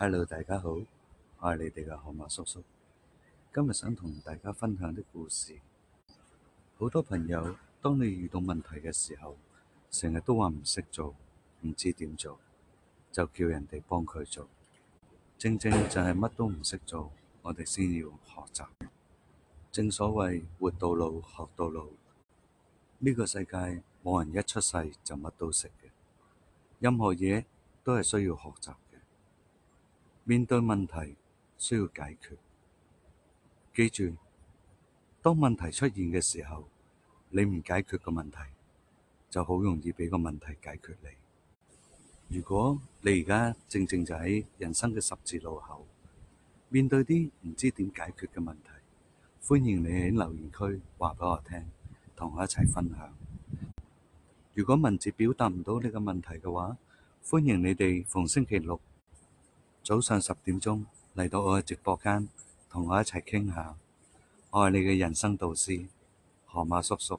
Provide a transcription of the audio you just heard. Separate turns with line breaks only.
Hello，大家好，我係你哋嘅何馬叔叔。今日想同大家分享啲故事，好多朋友當你遇到問題嘅時候，成日都話唔識做，唔知點做，就叫人哋幫佢做。正正就係乜都唔識做，我哋先要學習。正所謂活到老，學到老。呢、這個世界冇人一出世就乜都識嘅，任何嘢都係需要學習。面對問題需要解決，記住，當問題出現嘅時候，你唔解決個問題，就好容易俾個問題解決你。如果你而家正正就喺人生嘅十字路口，面對啲唔知點解決嘅問題，歡迎你喺留言區話俾我聽，同我一齊分享。如果文字表達唔到你個問題嘅話，歡迎你哋逢星期六早上十點鐘嚟到我嘅直播間，同我一齊傾下。愛你嘅人生導師，河馬叔叔。